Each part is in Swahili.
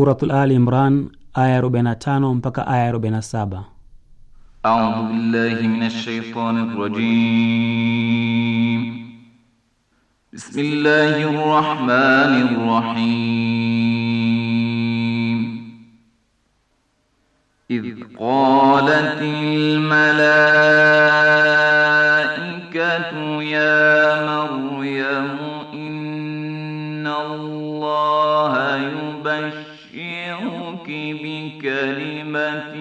Suratul Ali Imran aya 45 mpaka aya 47. A'udhu billahi minash shaitanir rajim. Bismillahir rahmanir rahim. Idh qalatil malaikatu ya بكلمة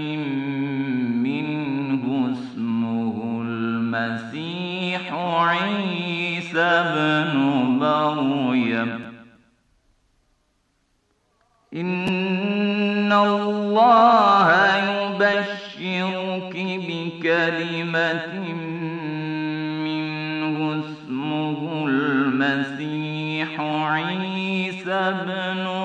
منه اسمه المسيح عيسى بن مريم إن الله يبشرك بكلمة منه اسمه المسيح عيسى بن مريم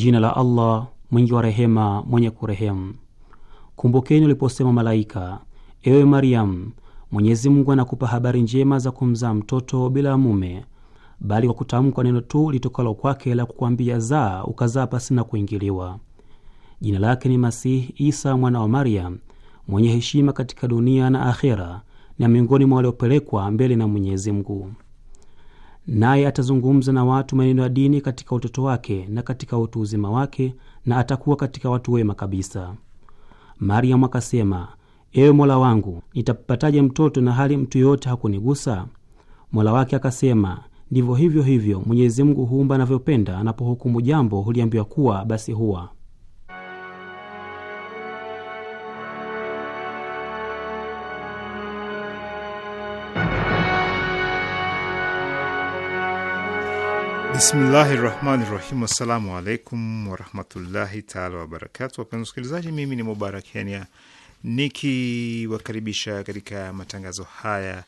jina la Allah mwingi wa rehema, mwenye kurehemu. Kumbukeni uliposema malaika, ewe Mariamu, Mwenyezi Mungu anakupa habari njema za kumzaa mtoto bila mume, bali kwa kutamkwa neno tu litokalo kwake la kukwambia zaa, ukazaa pasina kuingiliwa. Jina lake ni Masihi Isa mwana wa Maryam, mwenye heshima katika dunia na akhera, na miongoni mwa waliopelekwa mbele na Mwenyezi Mungu naye atazungumza na watu maneno ya dini katika utoto wake na katika utu uzima wake, na atakuwa katika watu wema kabisa. Maryamu akasema, ewe Mola wangu, nitapataje mtoto na hali mtu yoyote hakunigusa? Mola wake akasema, ndivyo hivyo hivyo Mwenyezi Mungu huumba anavyopenda, anapohukumu jambo huliambiwa kuwa, basi huwa Bismillahi rahmani rahim. Assalamu alaikum warahmatullahi taala wabarakatu. Wapenzi wasikilizaji, mimi ni Mubarak Kenya nikiwakaribisha katika matangazo haya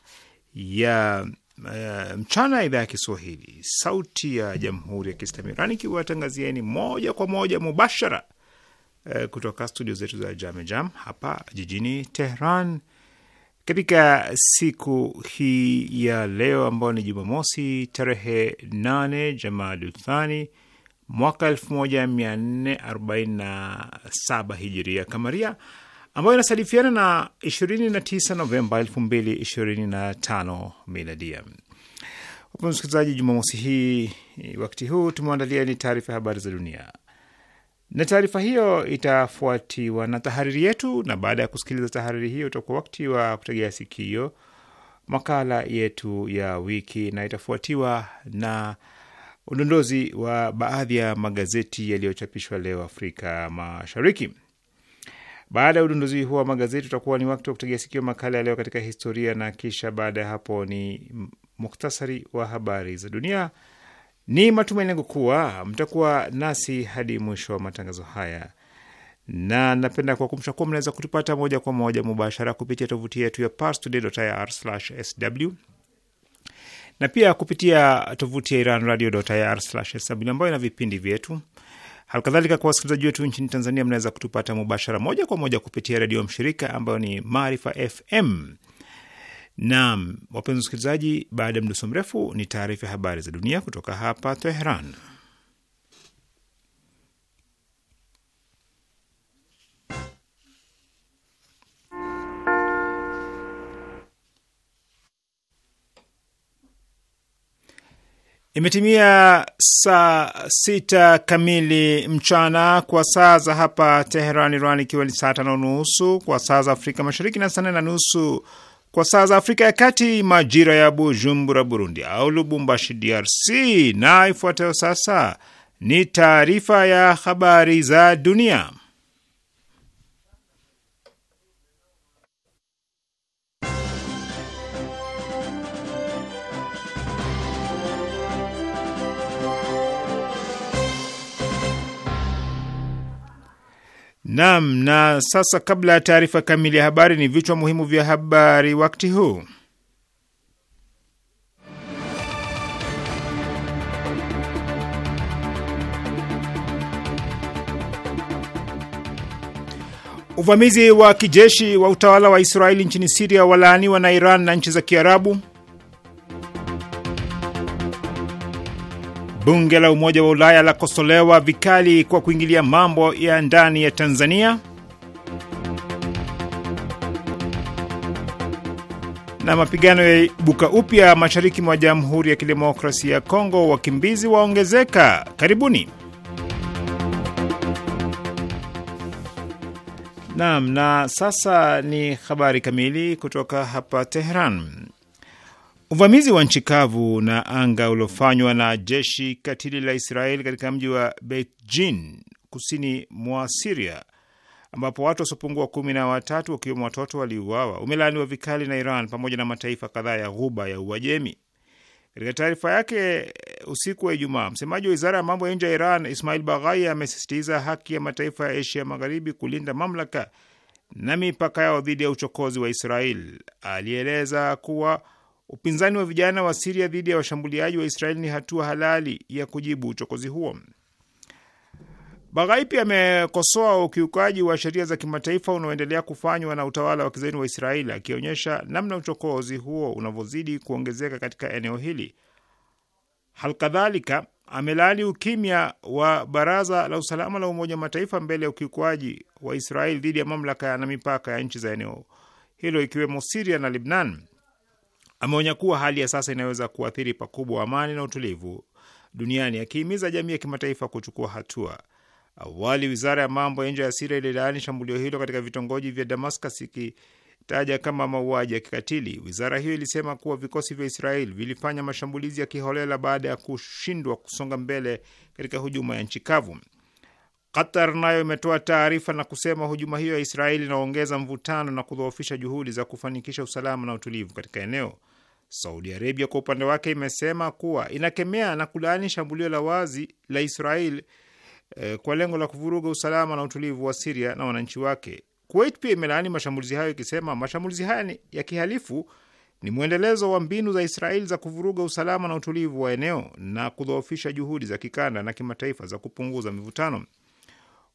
ya uh, mchana ya idhaa ya Kiswahili sauti ya jamhuri ya Kiislamu Iran ikiwatangazieni moja kwa moja mubashara uh, kutoka studio zetu za Jamejam hapa jijini Tehran katika siku hii ya leo ambayo ni Jumamosi tarehe 8 Jamaduthani mwaka 1447 hijiria kamaria, ambayo inasadifiana na 29 Novemba 2025 miladia. Wapenzi msikilizaji Jumamosi hii wakati huu tumeandalia ni taarifa ya habari za dunia na taarifa hiyo itafuatiwa na tahariri yetu, na baada ya kusikiliza tahariri hiyo utakuwa wakati wa kutegea sikio makala yetu ya wiki, na itafuatiwa na udondozi wa baadhi ya magazeti yaliyochapishwa leo Afrika Mashariki. Baada ya udondozi huo wa magazeti, utakuwa ni wakati wa kutegea sikio makala ya leo katika historia, na kisha baada ya hapo ni muktasari wa habari za dunia ni matumaini yangu kuwa mtakuwa nasi hadi mwisho wa matangazo haya, na napenda kuwakumbusha kuwa mnaweza kutupata moja kwa moja mubashara kupitia tovuti yetu ya parstoday.ir/sw na pia kupitia tovuti ya iranradio.ir/sw ambayo ina vipindi vyetu. Halikadhalika, kwa wasikilizaji wetu nchini Tanzania, mnaweza kutupata mubashara moja kwa moja kupitia redio mshirika ambayo ni Maarifa FM. Naam, wapenzi wasikilizaji, baada ya mdoso mrefu ni taarifa ya habari za dunia kutoka hapa Teheran. Imetimia saa sita kamili mchana kwa saa za hapa Teheran, Iran, ikiwa ni saa tano nusu kwa saa za Afrika Mashariki na saa nne na nusu kwa saa za Afrika ya Kati, majira ya Bujumbura Burundi au Lubumbashi DRC. Na ifuatayo sasa ni taarifa ya habari za dunia. Naam, na sasa kabla ya taarifa kamili ya habari ni vichwa muhimu vya habari wakati huu. Uvamizi wa kijeshi wa utawala wa Israeli nchini Siria walaaniwa na Iran na nchi za Kiarabu. Bunge la Umoja wa Ulaya lakosolewa vikali kwa kuingilia mambo ya ndani ya Tanzania, na mapigano ya buka upya mashariki mwa Jamhuri ya Kidemokrasia ya Kongo, wakimbizi waongezeka. Karibuni. Naam, na sasa ni habari kamili kutoka hapa Teheran. Uvamizi wa nchi kavu na anga uliofanywa na jeshi katili la israel katika mji wa Beitjin kusini mwa Siria ambapo watu wasiopungua kumi na watatu wakiwemo watoto waliuawa umelaaniwa vikali na Iran pamoja na mataifa kadhaa ya Ghuba ya Uajemi. Katika taarifa yake usiku wa Ijumaa, msemaji wa wizara ya mambo ya nje ya Iran Ismail Baghai amesisitiza haki ya mataifa ya Asia Magharibi kulinda mamlaka na mipaka yao dhidi ya uchokozi wa Israel. Alieleza kuwa Upinzani wa vijana wa Siria dhidi ya washambuliaji wa Israeli ni hatua halali ya kujibu uchokozi huo. Baghaipi amekosoa ukiukaji wa sheria za kimataifa unaoendelea kufanywa na utawala wa kizaini wa Israeli, akionyesha namna uchokozi huo unavyozidi kuongezeka katika eneo hili. Halkadhalika amelaani ukimya wa Baraza la Usalama la Umoja wa Mataifa mbele ya ukiukaji wa Israeli dhidi ya mamlaka na mipaka ya nchi za eneo hilo ikiwemo Siria na Libnan. Ameonya kuwa hali ya sasa inaweza kuathiri pakubwa amani na utulivu duniani, akihimiza jamii ya kimataifa kuchukua hatua. Awali, wizara ya mambo ya nje ya Siria ililaani shambulio hilo katika vitongoji vya Damascus, ikitaja kama mauaji ya kikatili. Wizara hiyo ilisema kuwa vikosi vya Israel vilifanya mashambulizi ya kiholela baada ya kushindwa kusonga mbele katika hujuma ya nchi kavu. Qatar nayo imetoa taarifa na kusema hujuma hiyo ya Israeli inaongeza mvutano na kudhoofisha juhudi za kufanikisha usalama na utulivu katika eneo. Saudi Arabia kwa upande wake imesema kuwa inakemea na kulaani shambulio la wazi la Israel eh, kwa lengo la kuvuruga usalama na utulivu wa Siria na wananchi wake. Kuwait pia imelaani mashambulizi hayo ikisema mashambulizi haya ya kihalifu ni mwendelezo wa mbinu za israel za kuvuruga usalama na utulivu wa eneo na kudhoofisha juhudi za kikanda na kimataifa za kupunguza mivutano.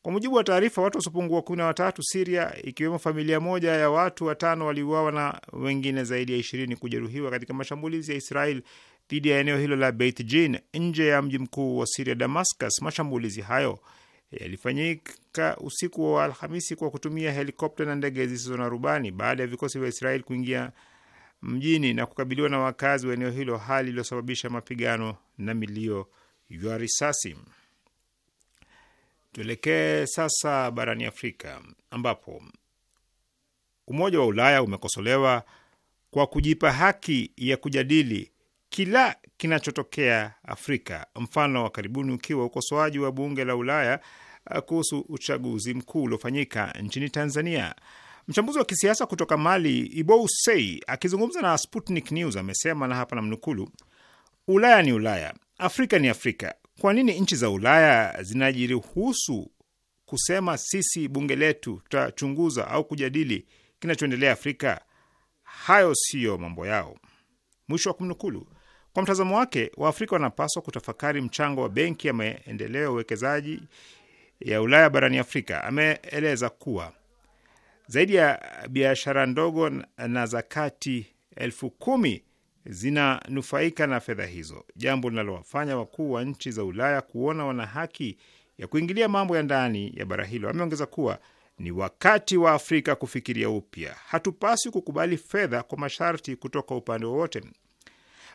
Kwa mujibu wa taarifa, watu wasiopungua kumi na watatu Siria, ikiwemo familia moja ya watu watano waliuawa na wengine zaidi ya ishirini kujeruhiwa katika mashambulizi ya Israel dhidi ya eneo hilo la Beit Jin nje ya mji mkuu wa Siria, Damascus. Mashambulizi hayo yalifanyika usiku wa Alhamisi kwa kutumia helikopta na ndege zisizo na rubani baada ya vikosi vya Israel kuingia mjini na kukabiliwa na wakazi wa eneo hilo, hali iliyosababisha mapigano na milio ya risasi. Tuelekee sasa barani Afrika ambapo Umoja wa Ulaya umekosolewa kwa kujipa haki ya kujadili kila kinachotokea Afrika, mfano wa karibuni ukiwa ukosoaji wa bunge la Ulaya uh, kuhusu uchaguzi mkuu uliofanyika nchini Tanzania. Mchambuzi wa kisiasa kutoka Mali, Ibousei, akizungumza na Sputnik News amesema, na hapa namnukulu: Ulaya ni Ulaya, Afrika ni Afrika. Kwa nini nchi za Ulaya zinajiruhusu kusema sisi bunge letu tutachunguza au kujadili kinachoendelea Afrika? Hayo siyo mambo yao. Mwisho wa kumnukulu. Kwa mtazamo wake, Waafrika wanapaswa kutafakari mchango wa Benki ya Maendeleo ya Uwekezaji ya Ulaya barani Afrika. Ameeleza kuwa zaidi ya biashara ndogo na za kati elfu kumi zinanufaika na fedha hizo, jambo linalowafanya wakuu wa nchi za Ulaya kuona wana haki ya kuingilia mambo ya ndani ya bara hilo. Ameongeza kuwa ni wakati wa Afrika kufikiria upya, hatupaswi kukubali fedha kwa masharti kutoka upande wowote.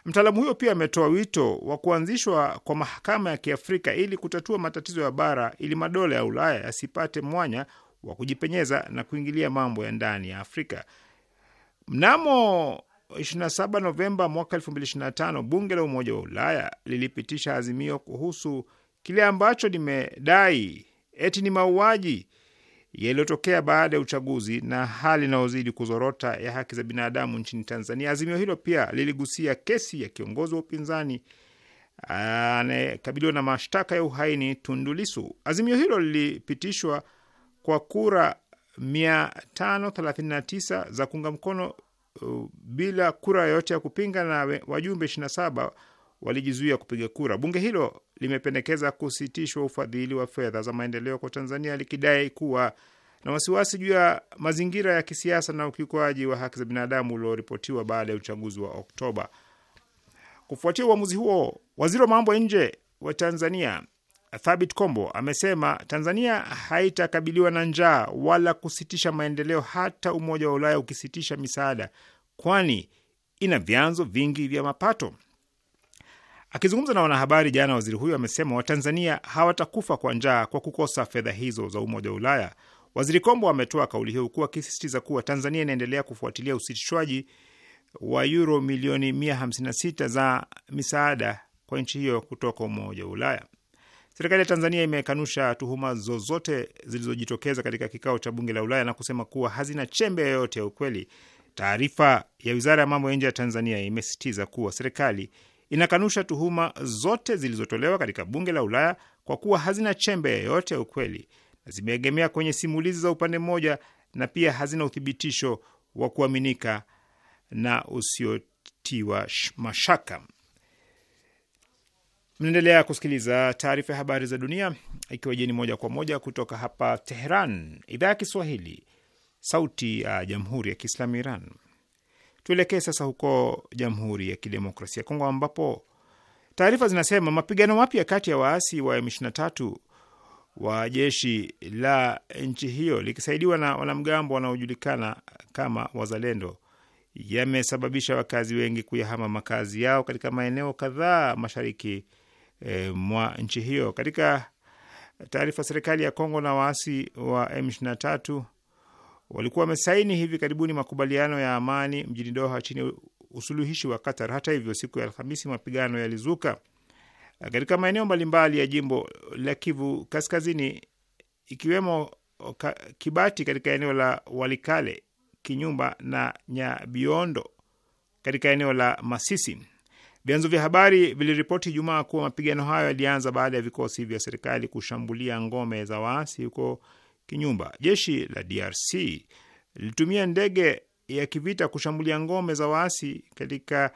Mtaalamu huyo pia ametoa wito wa kuanzishwa kwa mahakama ya Kiafrika ili kutatua matatizo ya bara, ili madola ya Ulaya yasipate mwanya wa kujipenyeza na kuingilia mambo ya ndani ya Afrika. Mnamo 27 Novemba mwaka 2025 bunge la Umoja wa Ulaya lilipitisha azimio kuhusu kile ambacho limedai eti ni mauaji yaliyotokea baada ya uchaguzi na hali inayozidi kuzorota ya haki za binadamu nchini Tanzania. Azimio hilo pia liligusia kesi ya kiongozi wa upinzani anayekabiliwa na mashtaka ya uhaini tundulisu Azimio hilo lilipitishwa kwa kura 539 za kuunga mkono bila kura yoyote ya kupinga na wajumbe 27 walijizuia kupiga kura. Bunge hilo limependekeza kusitishwa ufadhili wa fedha za maendeleo kwa Tanzania likidai kuwa na wasiwasi juu ya mazingira ya kisiasa na ukiukwaji wa haki za binadamu ulioripotiwa baada ya uchaguzi wa Oktoba. Kufuatia uamuzi huo, waziri wa mambo ya nje wa Tanzania Thabit Kombo amesema Tanzania haitakabiliwa na njaa wala kusitisha maendeleo hata Umoja wa Ulaya ukisitisha misaada, kwani ina vyanzo vingi vya mapato. Akizungumza na wanahabari jana, waziri huyo amesema Watanzania hawatakufa kwa njaa kwa kukosa fedha hizo za Umoja wa Ulaya. Waziri Kombo ametoa kauli hiyo huku akisisitiza kuwa Tanzania inaendelea kufuatilia usitishwaji wa yuro milioni 156 za misaada kwa nchi hiyo kutoka Umoja wa Ulaya. Serikali ya Tanzania imekanusha tuhuma zozote zilizojitokeza katika kikao cha bunge la Ulaya na kusema kuwa hazina chembe yoyote ya ukweli. Taarifa ya wizara ya mambo ya nje ya Tanzania imesisitiza kuwa serikali inakanusha tuhuma zote zilizotolewa katika bunge la Ulaya kwa kuwa hazina chembe yoyote ya ukweli na zimeegemea kwenye simulizi za upande mmoja na pia hazina uthibitisho wa kuaminika na usiotiwa mashaka. Mnaendelea kusikiliza taarifa ya habari za dunia ikiwa jeni moja kwa moja kutoka hapa Teheran, idhaa ya Kiswahili, sauti ya jamhuri ya kiislamu Iran. Tuelekee sasa huko Jamhuri ya Kidemokrasia ya Kongo ambapo taarifa zinasema mapigano mapya kati ya waasi wa M23 wa jeshi la nchi hiyo likisaidiwa na wanamgambo wanaojulikana kama Wazalendo yamesababisha wakazi wengi kuyahama makazi yao katika maeneo kadhaa mashariki e, mwa nchi hiyo. Katika taarifa, serikali ya Kongo na waasi wa M23 walikuwa wamesaini hivi karibuni makubaliano ya amani mjini Doha chini usuluhishi wa Qatar. Hata hivyo, siku ya Alhamisi mapigano yalizuka katika maeneo mbalimbali ya jimbo la Kivu Kaskazini, ikiwemo Kibati katika eneo la Walikale, Kinyumba na Nyabiondo katika eneo la Masisi. Vyanzo vya habari viliripoti Ijumaa kuwa mapigano hayo yalianza baada ya vikosi vya serikali kushambulia ngome za waasi huko Kinyumba. Jeshi la DRC lilitumia ndege ya kivita kushambulia ngome za waasi katika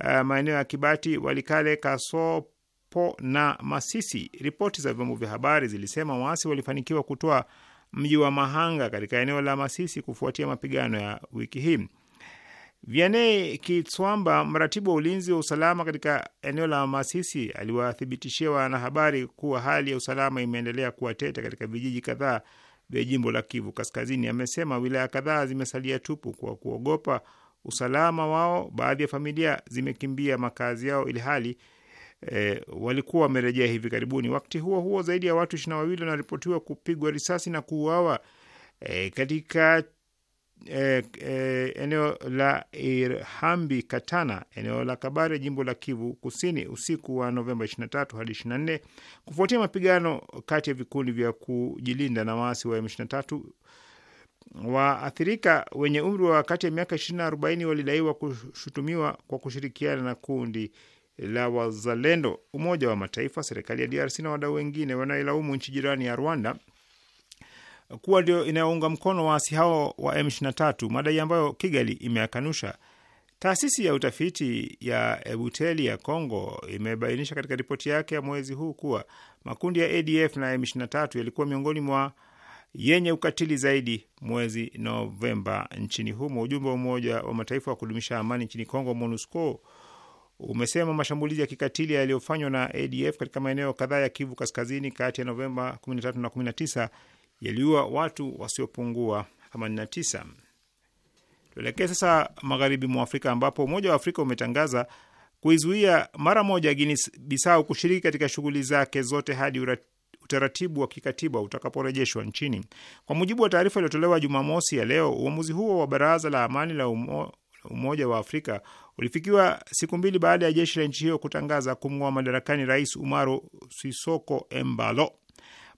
uh, maeneo ya Kibati, Walikale, Kasopo na Masisi. Ripoti za vyombo vya habari zilisema waasi walifanikiwa kutoa mji wa Mahanga katika eneo la Masisi kufuatia mapigano ya wiki hii. Vianey Kitswamba, mratibu wa ulinzi wa usalama katika eneo la Masisi, aliwathibitishia wanahabari kuwa hali ya usalama imeendelea kuwa tete katika vijiji kadhaa vya jimbo la Kivu Kaskazini. Amesema wilaya kadhaa zimesalia tupu kwa kuogopa usalama wao. Baadhi ya familia zimekimbia makazi yao ili hali e, walikuwa wamerejea hivi karibuni. Wakati huo huo, zaidi ya watu ishirini na wawili wanaripotiwa kupigwa risasi na kuuawa e, katika eh, eh, eneo la Irhambi Katana, eneo la Kabare, jimbo la Kivu Kusini, usiku wa Novemba 23 hadi 24 kufuatia mapigano kati ya vikundi vya kujilinda na waasi wa M23. Waathirika wenye umri wa kati ya miaka 20 na 40 walidaiwa kushutumiwa kwa kushirikiana na kundi la Wazalendo. Umoja wa Mataifa, serikali ya DRC na wadau wengine wanailaumu nchi jirani ya Rwanda kuwa ndio inayounga mkono waasi hao wa M23, madai ambayo Kigali imeakanusha Taasisi ya utafiti ya Ebuteli ya Kongo imebainisha katika ripoti yake ya mwezi huu kuwa makundi ya ADF na M23 yalikuwa miongoni mwa yenye ukatili zaidi mwezi Novemba nchini humo. Ujumbe wa Umoja wa Mataifa wa kudumisha amani nchini Kongo, MONUSCO, umesema mashambulizi ya kikatili yaliyofanywa na ADF katika maeneo kadhaa ya Kivu Kaskazini kati ya Novemba 13 na 19 yaliua watu wasiopungua 89. Tuelekee sasa magharibi mwa Afrika ambapo Umoja wa Afrika umetangaza kuizuia mara moja guinis Bissau kushiriki katika shughuli zake zote hadi utaratibu wa kikatiba utakaporejeshwa nchini. Kwa mujibu wa taarifa iliyotolewa Jumamosi ya leo, uamuzi huo wa Baraza la Amani la umo, Umoja wa Afrika ulifikiwa siku mbili baada ya jeshi la nchi hiyo kutangaza kumng'oa madarakani Rais Umaro Sisoko Embalo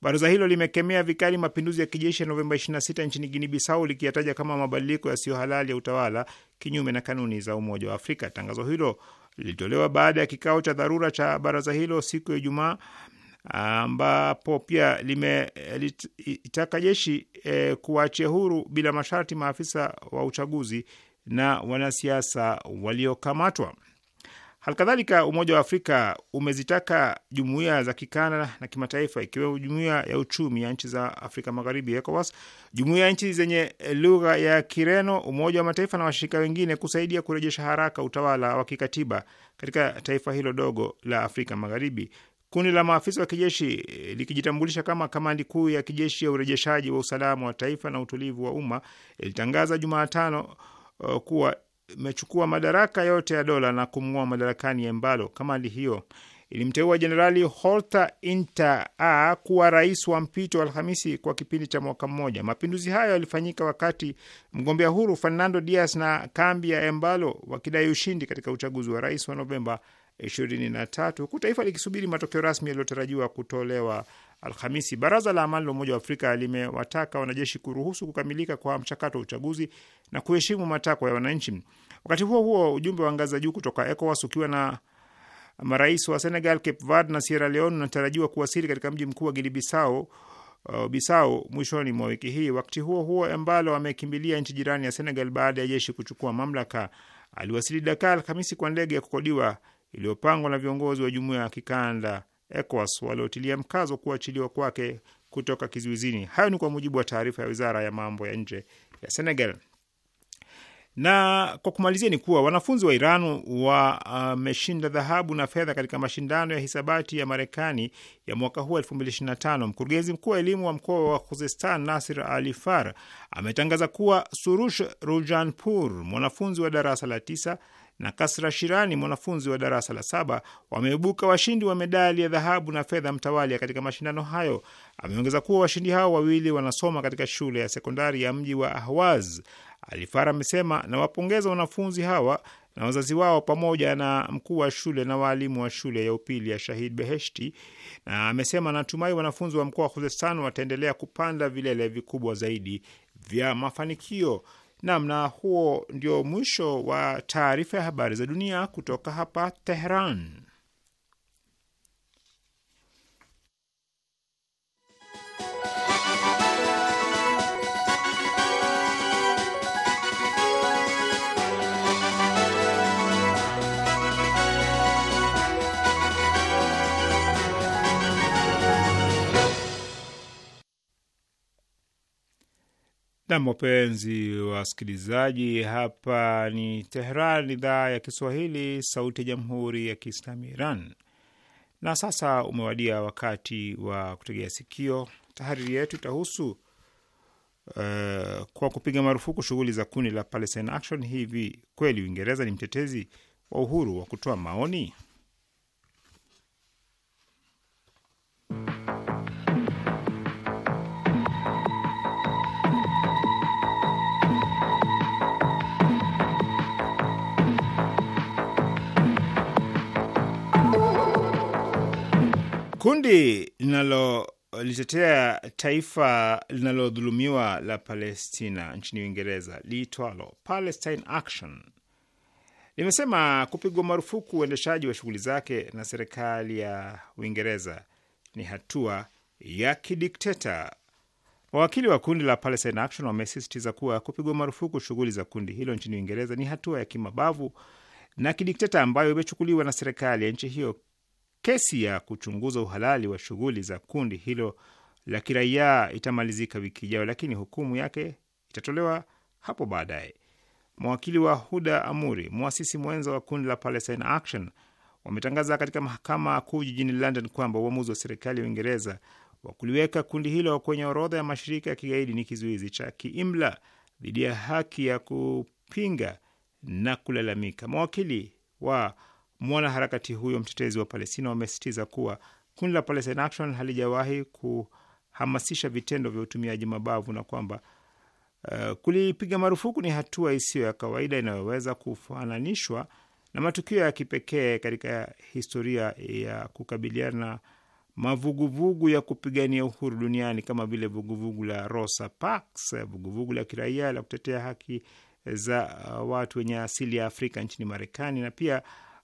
Baraza hilo limekemea vikali mapinduzi ya kijeshi ya Novemba 26 nchini Guini Bissau, likiyataja kama mabadiliko yasiyo halali ya utawala kinyume na kanuni za Umoja wa Afrika. Tangazo hilo lilitolewa baada ya kikao cha dharura cha baraza hilo siku ya Ijumaa, ambapo pia limeitaka jeshi e, kuwaachia huru bila masharti maafisa wa uchaguzi na wanasiasa waliokamatwa. Halikadhalika, Umoja wa Afrika umezitaka jumuiya za kikanda na kimataifa ikiwemo Jumuiya ya Uchumi ya Nchi za Afrika Magharibi, ECOWAS, Jumuiya ya Nchi zenye Lugha ya Kireno, Umoja wa Mataifa na washirika wengine kusaidia kurejesha haraka utawala wa kikatiba katika taifa hilo dogo la Afrika Magharibi. Kundi la maafisa wa kijeshi likijitambulisha kama Kamandi Kuu ya Kijeshi ya Urejeshaji wa Usalama wa Taifa na Utulivu wa Umma ilitangaza Jumatano uh, kuwa imechukua madaraka yote ya dola na kumng'oa madarakani Embalo. Kamandi hiyo ilimteua Jenerali Horta a kuwa rais wa mpito Alhamisi kwa kipindi cha mwaka mmoja. Mapinduzi hayo yalifanyika wakati mgombea huru Fernando Dias na kambi ya Embalo wakidai ushindi katika uchaguzi wa rais wa Novemba 23 huku taifa likisubiri matokeo rasmi yaliyotarajiwa kutolewa Alhamisi. Baraza la Amani la Umoja wa Afrika limewataka wanajeshi kuruhusu kukamilika kwa mchakato wa uchaguzi na kuheshimu matakwa ya wananchi. Wakati huo huo, ujumbe wa ngazi za juu kutoka ECOWAS ukiwa na marais wa Senegal, Cape Verde na Sierra Leone unatarajiwa kuwasili katika mji mkuu wa Gilibisao uh, Bisau mwishoni mwa wiki hii. Wakati huo huo, ambalo amekimbilia nchi jirani ya Senegal baada ya jeshi kuchukua mamlaka, aliwasili Dakar Alhamisi kwa ndege ya kukodiwa iliyopangwa na viongozi wa jumuiya ya kikanda ECOWAS waliotilia mkazo kuachiliwa kwake kutoka kizuizini. Hayo ni kwa mujibu wa taarifa ya wizara ya mambo ya nje ya Senegal. Na kwa kumalizia ni kuwa wanafunzi wa Iran wameshinda uh, dhahabu na fedha katika mashindano ya hisabati ya Marekani ya mwaka huu 2025. Mkurugenzi mkuu wa elimu wa mkoa wa Khuzestan Nasir alifar ametangaza kuwa Surush Rujanpur, mwanafunzi wa darasa la tisa na Kasra Shirani mwanafunzi wa darasa la saba wameibuka washindi wa medali ya dhahabu na fedha mtawalia katika mashindano hayo. Ameongeza kuwa washindi hao wawili wanasoma katika shule ya sekondari ya mji wa Ahwaz Alifara amesema nawapongeza wanafunzi hawa na wazazi wao pamoja na mkuu wa shule na waalimu wa shule ya upili ya Shahid Beheshti, na amesema natumai wanafunzi wa mkoa wa Khuzestan wataendelea kupanda vilele vikubwa zaidi vya mafanikio. namna huo ndio mwisho wa taarifa ya habari za dunia kutoka hapa Tehran. Nam, wapenzi wasikilizaji, hapa ni Tehran, idhaa ya Kiswahili, sauti ya jamhuri ya kiislami Iran. Na sasa umewadia wakati wa kutegea sikio. Tahariri yetu itahusu uh, kwa kupiga marufuku shughuli za kundi la Palestine Action. Hivi kweli Uingereza ni mtetezi wa uhuru wa kutoa maoni? Kundi linalolitetea taifa linalodhulumiwa la Palestina nchini Uingereza liitwalo Palestine Action limesema kupigwa marufuku uendeshaji wa shughuli zake na serikali ya Uingereza ni hatua ya kidikteta. Wawakili wa kundi la Palestine Action wamesisitiza kuwa kupigwa marufuku shughuli za kundi hilo nchini Uingereza ni hatua ya kimabavu na kidikteta ambayo imechukuliwa na serikali ya nchi hiyo Kesi ya kuchunguza uhalali wa shughuli za kundi hilo la kiraia itamalizika wiki ijayo, lakini hukumu yake itatolewa hapo baadaye. mwawakili wa Huda Amuri, mwasisi mwenza wa kundi la Palestine Action, wametangaza katika mahakama kuu jijini London kwamba uamuzi wa serikali ya Uingereza wa kuliweka kundi hilo kwenye orodha ya mashirika ya kigaidi ni kizuizi cha kiimla dhidi ya haki ya kupinga na kulalamika. Mawakili wa mwanaharakati huyo mtetezi wa Palestina wamesitiza kuwa kundi la Palestine Action halijawahi kuhamasisha vitendo vya utumiaji mabavu na kwamba uh, kulipiga marufuku ni hatua isiyo ya kawaida inayoweza kufananishwa na matukio ya kipekee katika historia ya kukabiliana na mavuguvugu ya kupigania uhuru duniani kama vile vuguvugu la Rosa Parks, vuguvugu la kiraia la kutetea haki za eh, watu wenye asili ya Afrika nchini Marekani na pia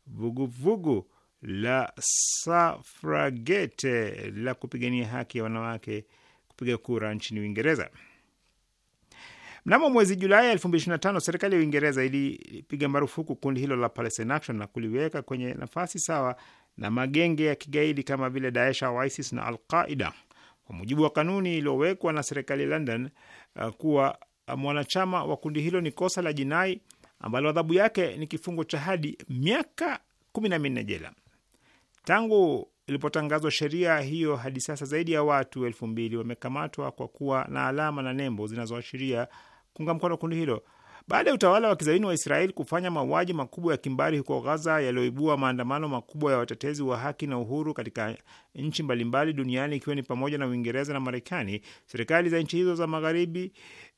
vuguvugu la Safragete la kupigania haki ya wanawake kupiga kura nchini Uingereza. Mnamo mwezi Julai 2025 serikali ya Uingereza ilipiga marufuku kundi hilo la Palestine Action na kuliweka kwenye nafasi sawa na magenge ya kigaidi kama vile Daesh au ISIS na Al Qaida, kwa mujibu wa kanuni iliyowekwa na serikali ya London. Uh, kuwa mwanachama wa kundi hilo ni kosa la jinai ambalo adhabu yake ni kifungo cha hadi miaka kumi na minne jela. Tangu ilipotangazwa sheria hiyo hadi sasa zaidi ya watu elfu mbili wamekamatwa kwa kuwa na alama na nembo zinazoashiria kuunga mkono kundi hilo. Baada ya utawala wa kizaini wa Israeli kufanya mauaji makubwa ya kimbari huko Ghaza yaliyoibua maandamano makubwa ya watetezi wa haki na uhuru katika nchi mbalimbali duniani ikiwa ni pamoja na Uingereza na Marekani, serikali za nchi hizo za magharibi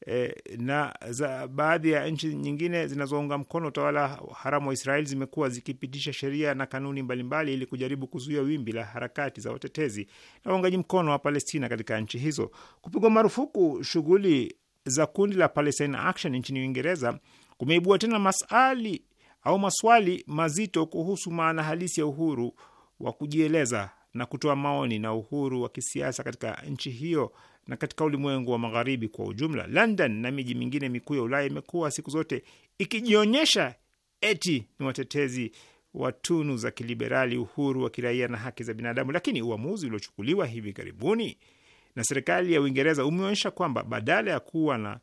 e, na za baadhi ya nchi nyingine zinazounga mkono utawala haramu wa Israeli zimekuwa zikipitisha sheria na kanuni mbalimbali ili kujaribu kuzuia wimbi la harakati za watetezi na waungaji mkono wa Palestina katika nchi hizo. Kupigwa marufuku shughuli za kundi la Palestine Action nchini Uingereza kumeibua tena masali au maswali mazito kuhusu maana halisi ya uhuru wa kujieleza na kutoa maoni na uhuru wa kisiasa katika nchi hiyo na katika ulimwengu wa magharibi kwa ujumla. London na miji mingine mikuu ya Ulaya imekuwa siku zote ikijionyesha eti ni watetezi wa tunu za kiliberali, uhuru wa kiraia na haki za binadamu, lakini uamuzi uliochukuliwa hivi karibuni na serikali ya Uingereza umeonyesha kwamba badala ya kuwa na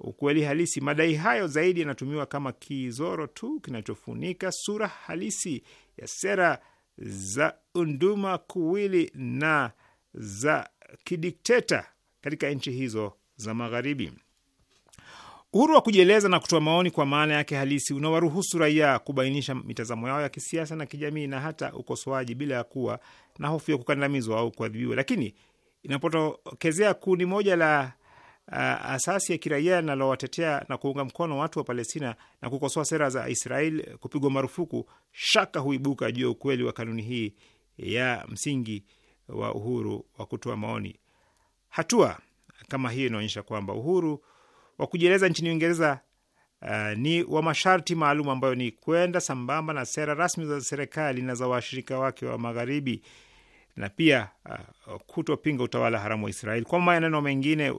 ukweli halisi, madai hayo zaidi yanatumiwa kama kizoro tu kinachofunika sura halisi ya sera za unduma kuwili na za kidikteta katika nchi hizo za Magharibi. Uhuru wa kujieleza na kutoa maoni kwa maana yake halisi unawaruhusu raia kubainisha mitazamo yao ya kisiasa na kijamii na hata ukosoaji bila ya kuwa na hofu ya kukandamizwa au kuadhibiwa. Lakini inapotokezea kundi moja la asasi ya kiraia linalowatetea na kuunga mkono watu wa Palestina na kukosoa sera za Israel kupigwa marufuku, shaka huibuka juu ya ukweli wa kanuni hii ya msingi wa uhuru wa kutoa maoni. Hatua kama hiyo inaonyesha kwamba uhuru wa kujieleza nchini Uingereza uh, ni wa masharti maalum ambayo ni kwenda sambamba na sera rasmi za serikali na za washirika wake wa Magharibi na pia uh, kutopinga utawala haramu wa Israel. Kwa maneno mengine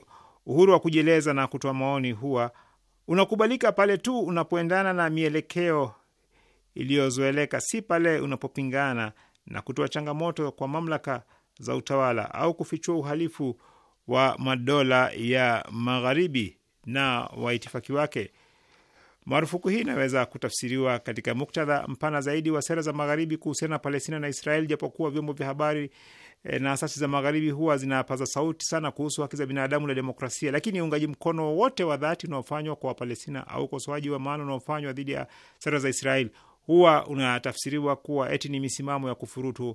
uhuru wa kujieleza na kutoa maoni huwa unakubalika pale tu unapoendana na mielekeo iliyozoeleka, si pale unapopingana na kutoa changamoto kwa mamlaka za utawala au kufichua uhalifu wa madola ya magharibi na waitifaki wake. Marufuku hii inaweza kutafsiriwa katika muktadha mpana zaidi wa sera za magharibi kuhusiana na Palestina na Israel, japokuwa vyombo vya habari Eh, na asasi za magharibi huwa zinapaza sauti sana kuhusu haki za binadamu na demokrasia, lakini uungaji mkono wote wa dhati unaofanywa kwa Wapalestina au ukosoaji wa maana unaofanywa dhidi ya sera za Israel huwa unatafsiriwa kuwa eti ni misimamo ya kufurutu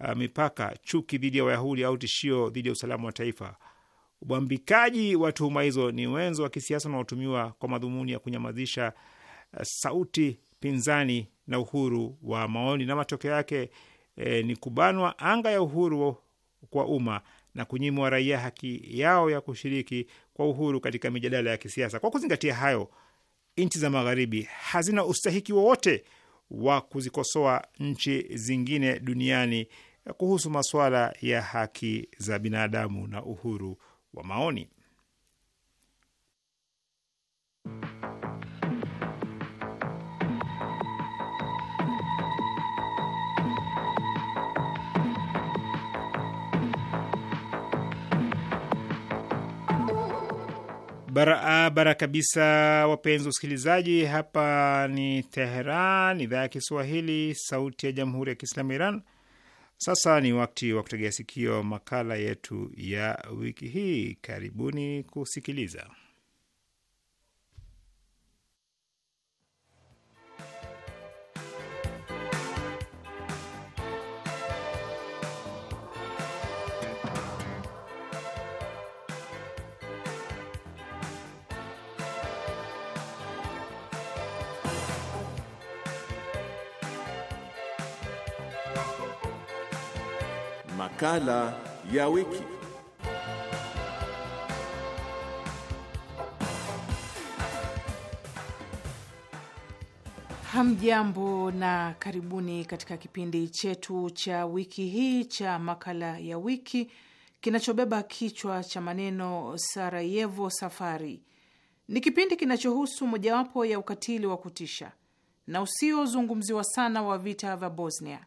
uh, mipaka, chuki dhidi ya Wayahudi au tishio dhidi ya usalama wa taifa. Ubambikaji wa tuhuma hizo ni wenzo wa kisiasa unaotumiwa kwa madhumuni ya kunyamazisha uh, sauti pinzani na uhuru wa maoni, na matokeo yake e, ni kubanwa anga ya uhuru kwa umma na kunyimwa raia haki yao ya kushiriki kwa uhuru katika mijadala ya kisiasa. Kwa kuzingatia hayo, nchi za magharibi hazina ustahiki wowote wa, wa kuzikosoa nchi zingine duniani kuhusu masuala ya haki za binadamu na uhuru wa maoni. barabara ah, kabisa, wapenzi wasikilizaji. Hapa ni Teheran, idhaa ya Kiswahili, sauti ya jamhuri ya kiislamu ya Iran. Sasa ni wakati wa kutegea sikio makala yetu ya wiki hii. Karibuni kusikiliza. Makala ya wiki. Hamjambo na karibuni katika kipindi chetu cha wiki hii cha makala ya wiki kinachobeba kichwa cha maneno Sarajevo Safari. Ni kipindi kinachohusu mojawapo ya ukatili wa kutisha na usiozungumziwa sana wa vita vya Bosnia.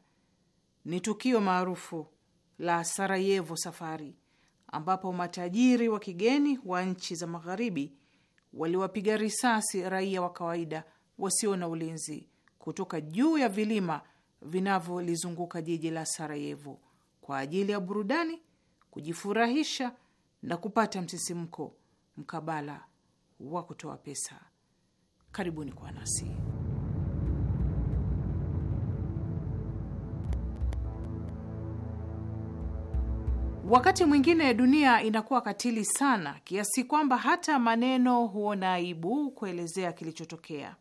Ni tukio maarufu la Sarajevo Safari, ambapo matajiri wa kigeni wa nchi za magharibi waliwapiga risasi raia wa kawaida wasio na ulinzi kutoka juu ya vilima vinavyolizunguka jiji la Sarajevo kwa ajili ya burudani, kujifurahisha na kupata msisimko mkabala wa kutoa pesa. Karibuni kwa nasi. Wakati mwingine dunia inakuwa katili sana kiasi kwamba hata maneno huona aibu kuelezea kilichotokea.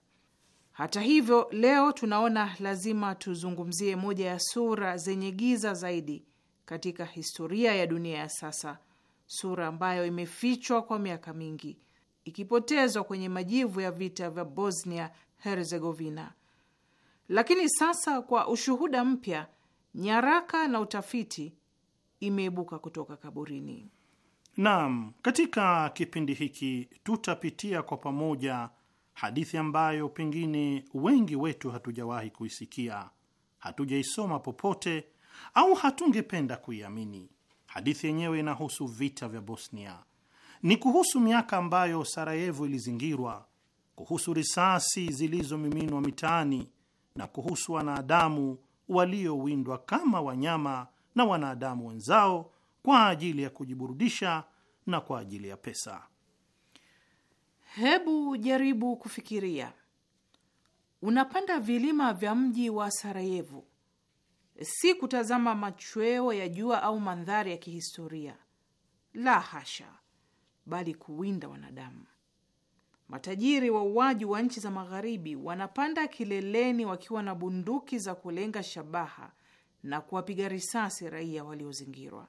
Hata hivyo, leo tunaona lazima tuzungumzie moja ya sura zenye giza zaidi katika historia ya dunia ya sasa, sura ambayo imefichwa kwa miaka mingi, ikipotezwa kwenye majivu ya vita vya Bosnia Herzegovina. Lakini sasa kwa ushuhuda mpya, nyaraka na utafiti imeibuka kutoka kaburini. Naam, katika kipindi hiki tutapitia kwa pamoja hadithi ambayo pengine wengi wetu hatujawahi kuisikia, hatujaisoma popote, au hatungependa kuiamini. Hadithi yenyewe inahusu vita vya Bosnia, ni kuhusu miaka ambayo Sarajevo ilizingirwa, kuhusu risasi zilizomiminwa mitaani na kuhusu wanadamu waliowindwa kama wanyama na wanadamu wenzao kwa ajili ya kujiburudisha na kwa ajili ya pesa. Hebu jaribu kufikiria, unapanda vilima vya mji wa sarayevu si kutazama machweo ya jua au mandhari ya kihistoria, la hasha, bali kuwinda wanadamu. Matajiri wauaji wa nchi za Magharibi wanapanda kileleni wakiwa na bunduki za kulenga shabaha na kuwapiga risasi raia waliozingirwa.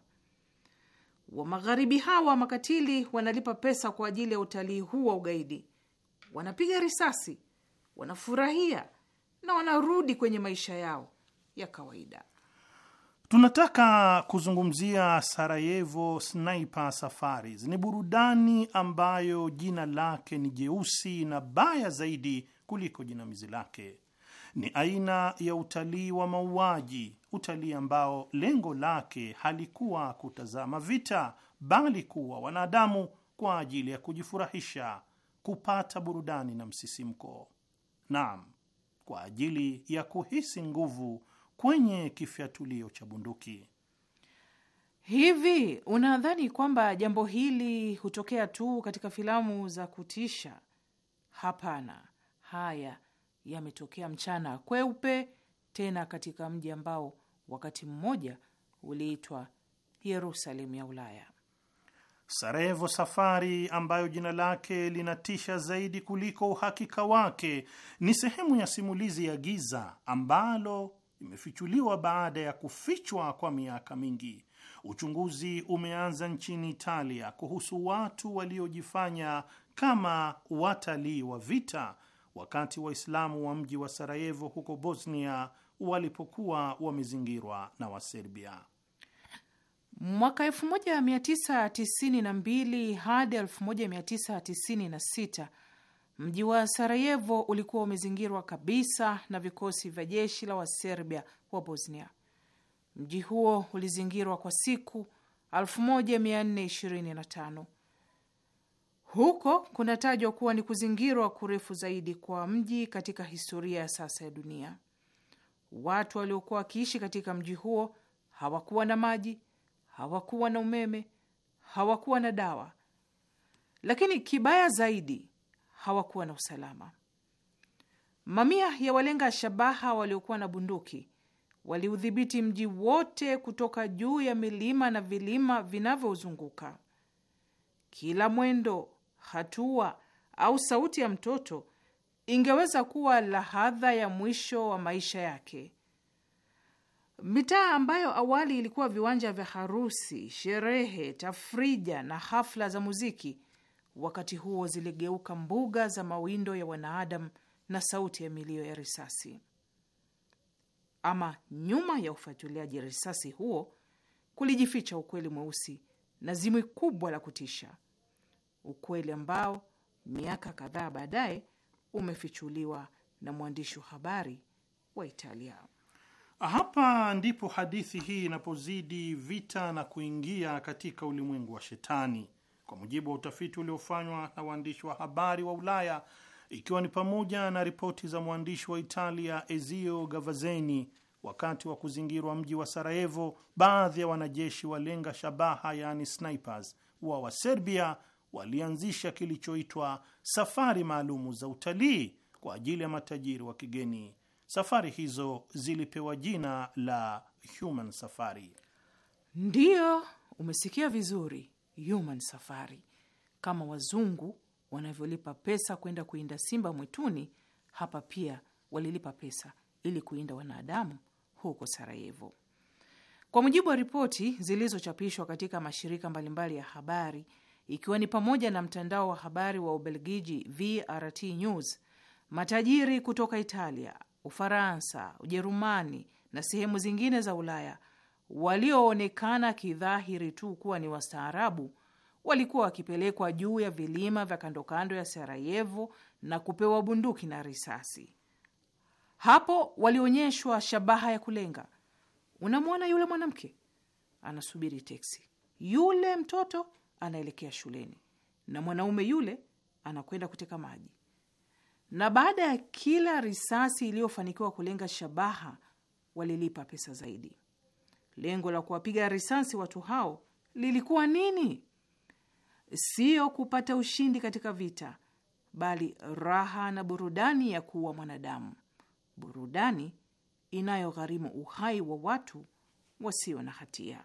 wa magharibi hawa makatili wanalipa pesa kwa ajili ya utalii huu wa ugaidi, wanapiga risasi, wanafurahia na wanarudi kwenye maisha yao ya kawaida. Tunataka kuzungumzia Sarajevo Sniper Safaris. Ni burudani ambayo jina lake ni jeusi na baya zaidi kuliko jinamizi lake ni aina ya utalii wa mauaji, utalii ambao lengo lake halikuwa kutazama vita, bali kuwa wanadamu kwa ajili ya kujifurahisha, kupata burudani na msisimko. Naam, kwa ajili ya kuhisi nguvu kwenye kifyatulio cha bunduki. Hivi unadhani kwamba jambo hili hutokea tu katika filamu za kutisha? Hapana, haya yametokea mchana kweupe, tena katika mji ambao wakati mmoja uliitwa Yerusalemu ya Ulaya. Sarajevo Safari, ambayo jina lake linatisha zaidi kuliko uhakika wake, ni sehemu ya simulizi ya giza ambalo imefichuliwa baada ya kufichwa kwa miaka mingi. Uchunguzi umeanza nchini Italia kuhusu watu waliojifanya kama watalii wa vita wakati Waislamu wa mji wa Sarajevo huko Bosnia walipokuwa wamezingirwa na Waserbia. Mwaka 1992 hadi 1996 mji wa Sarajevo ulikuwa umezingirwa kabisa na vikosi vya jeshi la Waserbia wa Bosnia. Mji huo ulizingirwa kwa siku 1425 huko kunatajwa kuwa ni kuzingirwa kurefu zaidi kwa mji katika historia ya sasa ya dunia. Watu waliokuwa wakiishi katika mji huo hawakuwa na maji, hawakuwa na umeme, hawakuwa na dawa, lakini kibaya zaidi, hawakuwa na usalama. Mamia ya walenga shabaha waliokuwa na bunduki waliudhibiti mji wote kutoka juu ya milima na vilima vinavyozunguka Kila mwendo hatua au sauti ya mtoto ingeweza kuwa lahadha ya mwisho wa maisha yake. Mitaa ambayo awali ilikuwa viwanja vya harusi, sherehe, tafrija na hafla za muziki, wakati huo ziligeuka mbuga za mawindo ya wanaadamu na sauti ya milio ya risasi. Ama nyuma ya ufuatiliaji risasi huo kulijificha ukweli mweusi na zimwi kubwa la kutisha ukweli ambao miaka kadhaa baadaye umefichuliwa na mwandishi wa habari wa Italia. Hapa ndipo hadithi hii inapozidi vita na kuingia katika ulimwengu wa shetani. Kwa mujibu wa utafiti uliofanywa na waandishi wa habari wa Ulaya, ikiwa ni pamoja na ripoti za mwandishi wa Italia Ezio Gavazeni, wakati wa kuzingirwa mji wa Sarajevo, baadhi ya wanajeshi walenga shabaha, yaani snipers, wa Waserbia walianzisha kilichoitwa safari maalumu za utalii kwa ajili ya matajiri wa kigeni. Safari hizo zilipewa jina la Human Safari. Ndiyo, umesikia vizuri, Human Safari. Kama wazungu wanavyolipa pesa kwenda kuinda simba mwituni, hapa pia walilipa pesa ili kuinda wanadamu huko Sarajevo. Kwa mujibu wa ripoti zilizochapishwa katika mashirika mbalimbali ya habari ikiwa ni pamoja na mtandao wa habari wa Ubelgiji VRT News, matajiri kutoka Italia, Ufaransa, Ujerumani na sehemu zingine za Ulaya walioonekana kidhahiri tu kuwa ni wastaarabu walikuwa wakipelekwa juu ya vilima vya kandokando ya Sarajevo na kupewa bunduki na risasi. Hapo walionyeshwa shabaha ya kulenga. Unamwona yule mwanamke anasubiri teksi, yule mtoto anaelekea shuleni na mwanaume yule anakwenda kuteka maji. Na baada ya kila risasi iliyofanikiwa kulenga shabaha, walilipa pesa zaidi. Lengo la kuwapiga risasi watu hao lilikuwa nini? Sio kupata ushindi katika vita, bali raha na burudani ya kuua mwanadamu, burudani inayogharimu uhai wa watu wasio na hatia.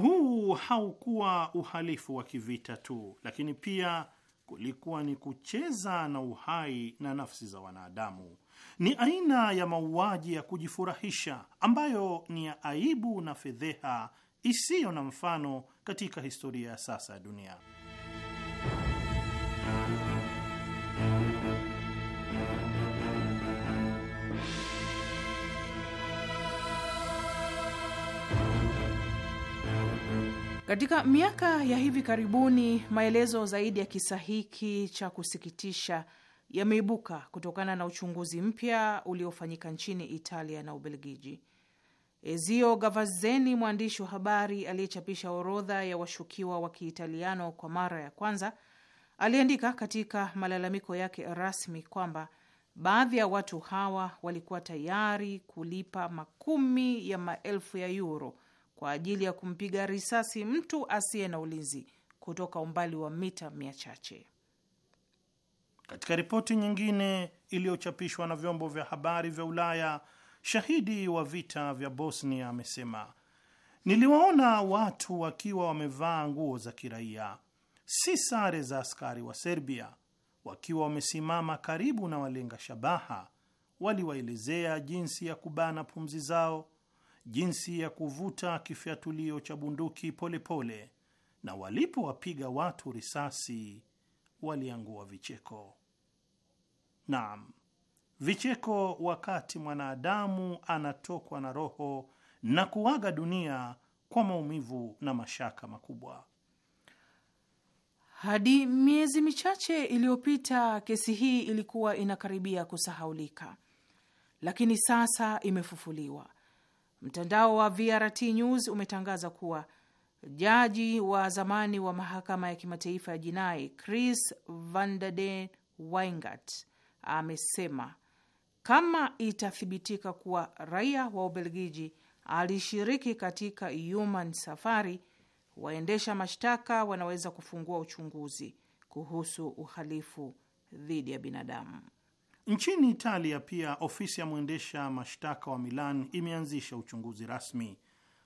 Huu haukuwa uhalifu wa kivita tu, lakini pia kulikuwa ni kucheza na uhai na nafsi za wanadamu. Ni aina ya mauaji ya kujifurahisha ambayo ni ya aibu na fedheha isiyo na mfano katika historia ya sasa ya dunia. Katika miaka ya hivi karibuni, maelezo zaidi ya kisa hiki cha kusikitisha yameibuka kutokana na uchunguzi mpya uliofanyika nchini Italia na Ubelgiji. Ezio Gavazzeni, mwandishi wa habari aliyechapisha orodha ya washukiwa wa Kiitaliano kwa mara ya kwanza, aliandika katika malalamiko yake rasmi kwamba baadhi ya watu hawa walikuwa tayari kulipa makumi ya maelfu ya yuro kwa ajili ya kumpiga risasi mtu asiye na ulinzi kutoka umbali wa mita mia chache. Katika ripoti nyingine iliyochapishwa na vyombo vya habari vya Ulaya, shahidi wa vita vya Bosnia amesema, niliwaona watu wakiwa wamevaa nguo za kiraia, si sare za askari wa Serbia, wakiwa wamesimama karibu na walenga shabaha. Waliwaelezea jinsi ya kubana pumzi zao jinsi ya kuvuta kifyatulio cha bunduki polepole pole, na walipowapiga watu risasi waliangua vicheko. Naam, vicheko wakati mwanadamu anatokwa na roho na kuaga dunia kwa maumivu na mashaka makubwa. Hadi miezi michache iliyopita kesi hii ilikuwa inakaribia kusahaulika, lakini sasa imefufuliwa Mtandao wa VRT News umetangaza kuwa jaji wa zamani wa mahakama ya kimataifa ya jinai Chris Vandeden Wingat amesema kama itathibitika kuwa raia wa Ubelgiji alishiriki katika Human Safari, waendesha mashtaka wanaweza kufungua uchunguzi kuhusu uhalifu dhidi ya binadamu. Nchini Italia pia ofisi ya mwendesha mashtaka wa Milan imeanzisha uchunguzi rasmi.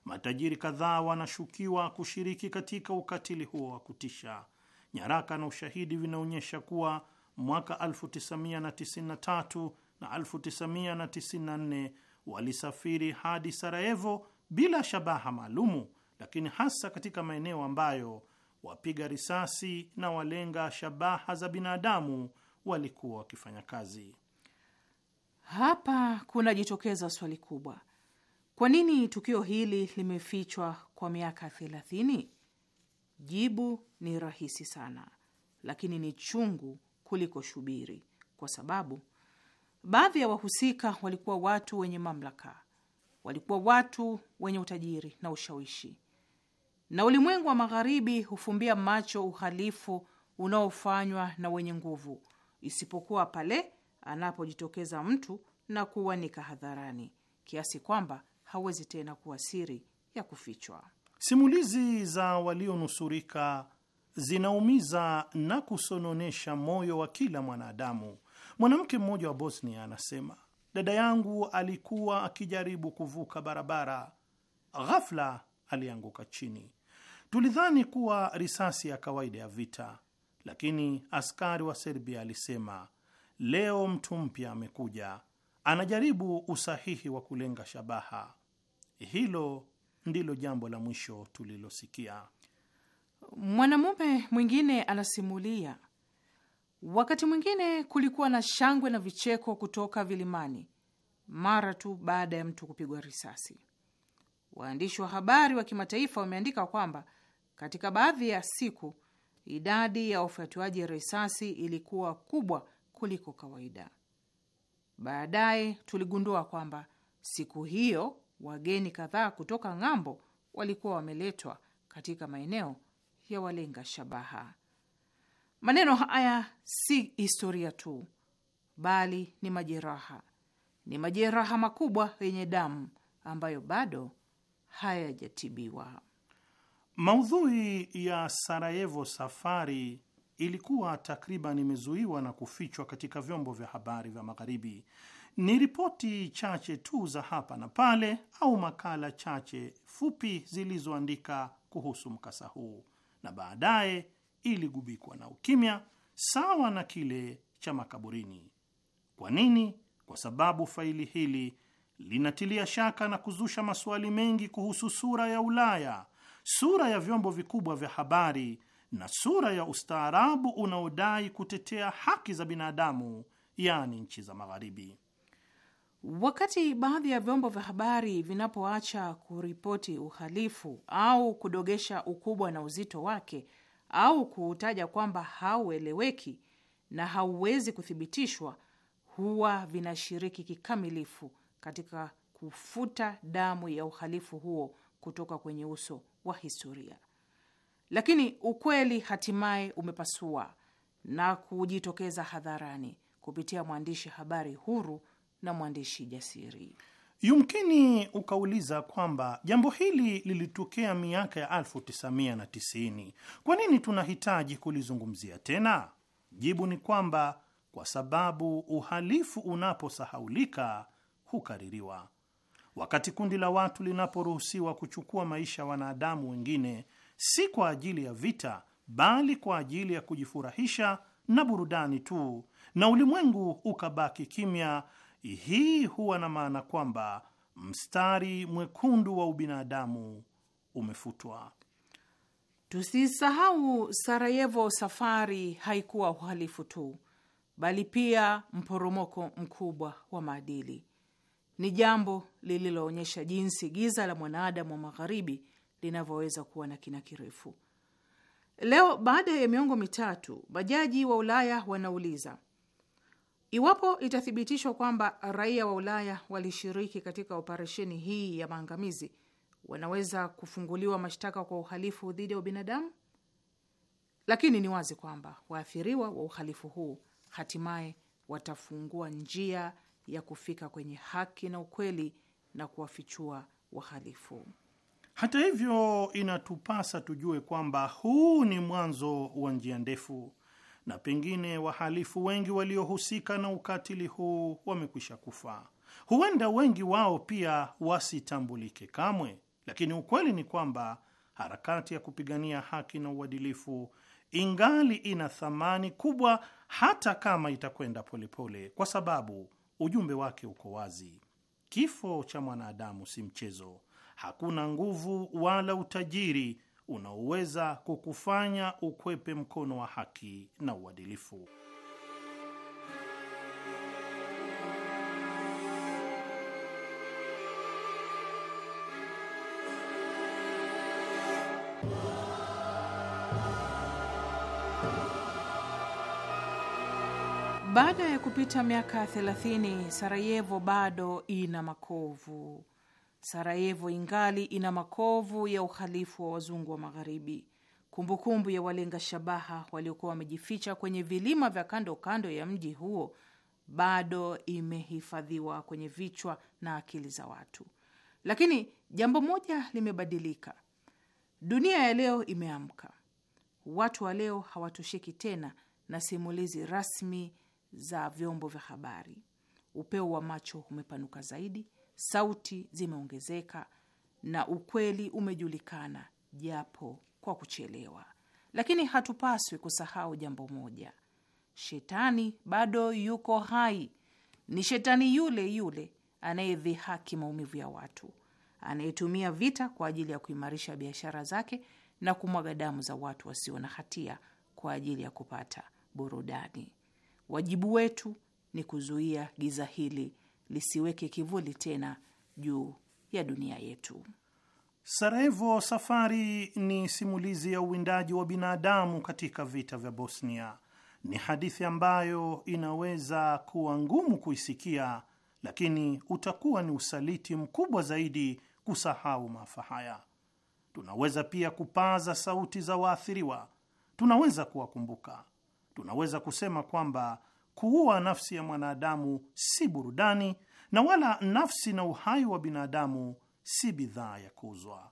Matajiri kadhaa wanashukiwa kushiriki katika ukatili huo wa kutisha. Nyaraka na ushahidi vinaonyesha kuwa mwaka 1993 na 1994 walisafiri hadi Sarajevo bila shabaha maalumu, lakini hasa katika maeneo ambayo wapiga risasi na walenga shabaha za binadamu walikuwa wakifanya kazi. Hapa kunajitokeza swali kubwa, kwa nini tukio hili limefichwa kwa miaka thelathini? Jibu ni rahisi sana, lakini ni chungu kuliko shubiri, kwa sababu baadhi ya wahusika walikuwa watu wenye mamlaka, walikuwa watu wenye utajiri na ushawishi, na ulimwengu wa Magharibi hufumbia macho uhalifu unaofanywa na wenye nguvu isipokuwa pale anapojitokeza mtu na kuuanika hadharani kiasi kwamba hawezi tena kuwa siri ya kufichwa. Simulizi za walionusurika zinaumiza na kusononesha moyo wa kila mwanadamu. Mwanamke mmoja wa Bosnia anasema, dada yangu alikuwa akijaribu kuvuka barabara, ghafla alianguka chini. Tulidhani kuwa risasi ya kawaida ya vita lakini askari wa Serbia alisema leo mtu mpya amekuja, anajaribu usahihi wa kulenga shabaha. Hilo ndilo jambo la mwisho tulilosikia. Mwanamume mwingine anasimulia, wakati mwingine kulikuwa na shangwe na vicheko kutoka vilimani mara tu baada ya mtu kupigwa risasi. Waandishi wa habari wa kimataifa wameandika kwamba katika baadhi ya siku idadi ya wafyatuaji risasi ilikuwa kubwa kuliko kawaida. Baadaye tuligundua kwamba siku hiyo wageni kadhaa kutoka ng'ambo walikuwa wameletwa katika maeneo ya walenga shabaha. Maneno haya si historia tu, bali ni majeraha, ni majeraha makubwa yenye damu ambayo bado hayajatibiwa. Maudhui ya Sarajevo Safari ilikuwa takriban imezuiwa na kufichwa katika vyombo vya habari vya Magharibi. Ni ripoti chache tu za hapa na pale au makala chache fupi zilizoandika kuhusu mkasa huu, na baadaye iligubikwa na ukimya sawa na kile cha makaburini. Kwa nini? Kwa sababu faili hili linatilia shaka na kuzusha maswali mengi kuhusu sura ya Ulaya sura ya vyombo vikubwa vya habari na sura ya ustaarabu unaodai kutetea haki za binadamu, yaani nchi za Magharibi. Wakati baadhi ya vyombo vya habari vinapoacha kuripoti uhalifu au kudogesha ukubwa na uzito wake au kuutaja kwamba haueleweki na hauwezi kuthibitishwa, huwa vinashiriki kikamilifu katika kufuta damu ya uhalifu huo kutoka kwenye uso wa historia. Lakini ukweli hatimaye umepasua na kujitokeza hadharani kupitia mwandishi habari huru na mwandishi jasiri. Yumkini ukauliza kwamba jambo hili lilitokea miaka ya 1990 kwa nini tunahitaji kulizungumzia tena? Jibu ni kwamba kwa sababu uhalifu unaposahaulika hukaririwa. Wakati kundi la watu linaporuhusiwa kuchukua maisha ya wanadamu wengine, si kwa ajili ya vita, bali kwa ajili ya kujifurahisha na burudani tu, na ulimwengu ukabaki kimya, hii huwa na maana kwamba mstari mwekundu wa ubinadamu umefutwa. Tusisahau Sarajevo, safari haikuwa uhalifu tu, bali pia mporomoko mkubwa wa maadili ni jambo lililoonyesha jinsi giza la mwanadamu wa magharibi linavyoweza kuwa na kina kirefu. Leo baada ya miongo mitatu, majaji wa Ulaya wanauliza iwapo itathibitishwa kwamba raia wa Ulaya walishiriki katika operesheni hii ya maangamizi, wanaweza kufunguliwa mashtaka kwa uhalifu dhidi ya ubinadamu. Lakini ni wazi kwamba waathiriwa wa uhalifu huu hatimaye watafungua njia ya kufika kwenye haki na ukweli na kuwafichua wahalifu. Hata hivyo, inatupasa tujue kwamba huu ni mwanzo wa njia ndefu, na pengine wahalifu wengi waliohusika na ukatili huu wamekwisha kufa. Huenda wengi wao pia wasitambulike kamwe, lakini ukweli ni kwamba harakati ya kupigania haki na uadilifu ingali ina thamani kubwa, hata kama itakwenda polepole, kwa sababu ujumbe wake uko wazi: kifo cha mwanadamu si mchezo. Hakuna nguvu wala utajiri unaoweza kukufanya ukwepe mkono wa haki na uadilifu. Baada ya kupita miaka 30 Sarajevo bado ina makovu. Sarajevo ingali ina makovu ya uhalifu wa wazungu wa Magharibi. Kumbukumbu ya walenga shabaha waliokuwa wamejificha kwenye vilima vya kando kando ya mji huo bado imehifadhiwa kwenye vichwa na akili za watu. Lakini jambo moja limebadilika. Dunia ya leo imeamka. Watu wa leo hawatosheki tena na simulizi rasmi za vyombo vya habari. Upeo wa macho umepanuka zaidi, sauti zimeongezeka na ukweli umejulikana, japo kwa kuchelewa. Lakini hatupaswi kusahau jambo moja: shetani bado yuko hai. Ni shetani yule yule anayedhihaki maumivu ya watu, anayetumia vita kwa ajili ya kuimarisha biashara zake na kumwaga damu za watu wasio na hatia kwa ajili ya kupata burudani. Wajibu wetu ni kuzuia giza hili lisiweke kivuli tena juu ya dunia yetu. Sarajevo Safari ni simulizi ya uwindaji wa binadamu katika vita vya Bosnia. Ni hadithi ambayo inaweza kuwa ngumu kuisikia, lakini utakuwa ni usaliti mkubwa zaidi kusahau maafa haya. Tunaweza pia kupaza sauti za waathiriwa, tunaweza kuwakumbuka tunaweza kusema kwamba kuua nafsi ya mwanadamu si burudani na wala nafsi na uhai wa binadamu si bidhaa ya kuuzwa.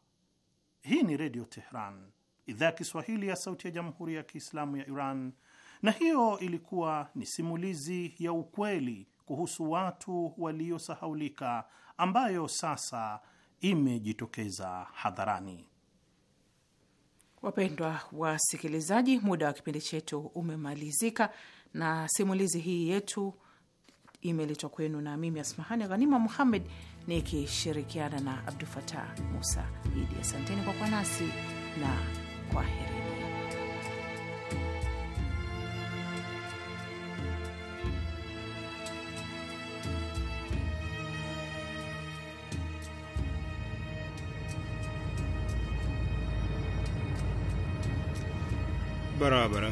Hii ni Redio Tehran, idhaa ya Kiswahili ya sauti ya Jamhuri ya Kiislamu ya Iran, na hiyo ilikuwa ni simulizi ya ukweli kuhusu watu waliosahaulika ambayo sasa imejitokeza hadharani. Wapendwa wasikilizaji, muda wa kipindi chetu umemalizika, na simulizi hii yetu imeletwa kwenu na mimi Asmahani Ghanima Muhammed nikishirikiana na abdu Fatah Musa Idi. Asanteni kwa kuwa nasi na kwaheri.